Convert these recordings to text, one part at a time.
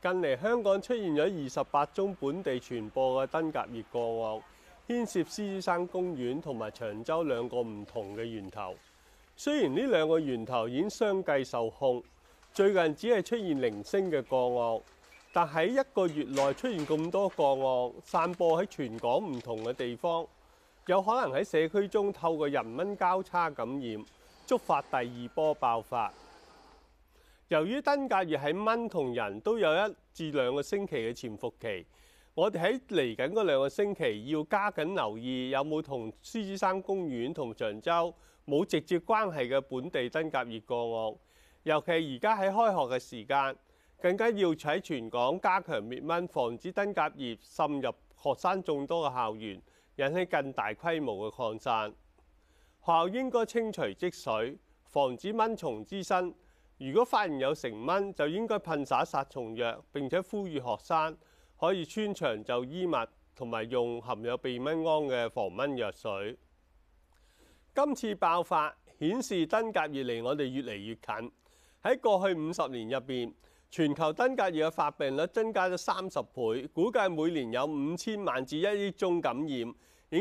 近嚟香港出現咗二十八宗本地傳播嘅登革熱個案，牽涉獅子山公園同埋長洲兩個唔同嘅源頭。雖然呢兩個源頭已經相繼受控，最近只係出現零星嘅個案，但喺一個月內出現咁多個案，散播喺全港唔同嘅地方，有可能喺社區中透過人蚊交叉感染，觸發第二波爆發。由於登革熱喺蚊同人都有一至兩個星期嘅潛伏期，我哋喺嚟緊嗰兩個星期要加緊留意有冇同獅子山公園同長洲冇直接關係嘅本地登革熱個案。尤其而家喺開學嘅時間，更加要喺全港加強滅蚊，防止登革熱滲入學生眾多嘅校園，引起更大規模嘅擴散。學校應該清除積水，防止蚊蟲滋生。如果發現有成蚊，就應該噴灑殺蟲藥，並且呼籲學生可以穿長袖衣物，同埋用含有避蚊胺嘅防蚊藥水。今次爆發顯示登革熱離我哋越嚟越近。喺過去五十年入邊，全球登革熱嘅發病率增加咗三十倍，估計每年有五千萬至一億宗感染，影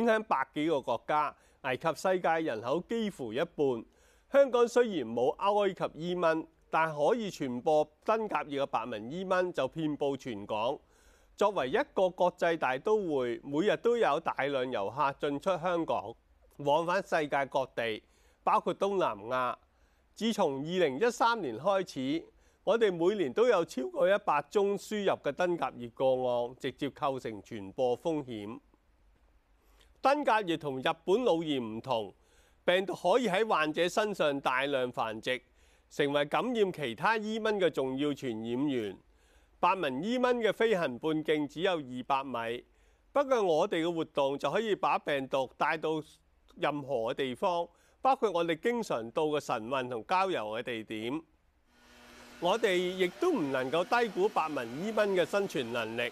響百幾個國家，危及世界人口幾乎一半。香港雖然冇埃及伊蚊，但可以傳播登革熱嘅白紋伊蚊就遍佈全港。作為一個國際大都會，每日都有大量遊客進出香港，往返世界各地，包括東南亞。自從二零一三年開始，我哋每年都有超過一百宗輸入嘅登革熱個案，直接構成傳播風險。登革熱同日本腦炎唔同。病毒可以喺患者身上大量繁殖，成為感染其他伊蚊嘅重要傳染源。白紋伊蚊嘅飛行半徑只有二百米，不過我哋嘅活動就可以把病毒帶到任何嘅地方，包括我哋經常到嘅晨運同郊遊嘅地點。我哋亦都唔能夠低估白紋伊蚊嘅生存能力。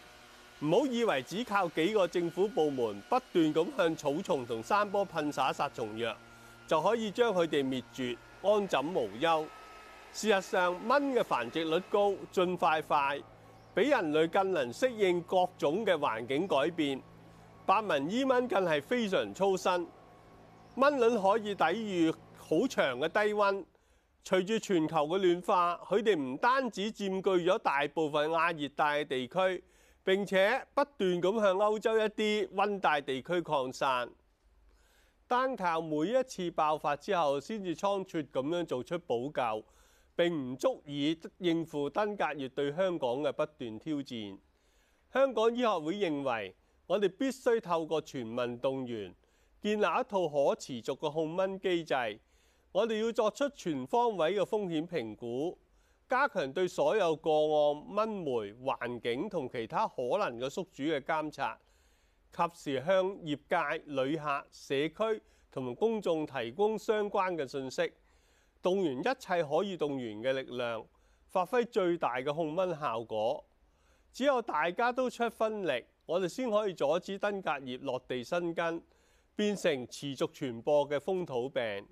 唔好以為只靠幾個政府部門不斷咁向草叢同山坡噴灑殺蟲藥，就可以將佢哋滅絕，安枕無憂。事實上，蚊嘅繁殖率高，進化快，快，比人類更能適應各種嘅環境改變。白紋伊蚊更係非常粗生，蚊卵可以抵禦好長嘅低温。隨住全球嘅暖化，佢哋唔單止佔據咗大部分亞熱帶地區，並且不斷咁向歐洲一啲温帶地區擴散。單靠每一次爆發之後先至倉促咁樣做出補救，並唔足以應付登革熱對香港嘅不斷挑戰。香港醫學會認為，我哋必須透過全民動員，建立一套可持續嘅控蚊機制。我哋要作出全方位嘅風險評估，加強對所有個案、蚊媒、環境同其他可能嘅宿主嘅監察。及時向業界、旅客、社區同埋公眾提供相關嘅信息，動員一切可以動員嘅力量，發揮最大嘅控蚊效果。只有大家都出分力，我哋先可以阻止登革熱落地生根，變成持續傳播嘅風土病。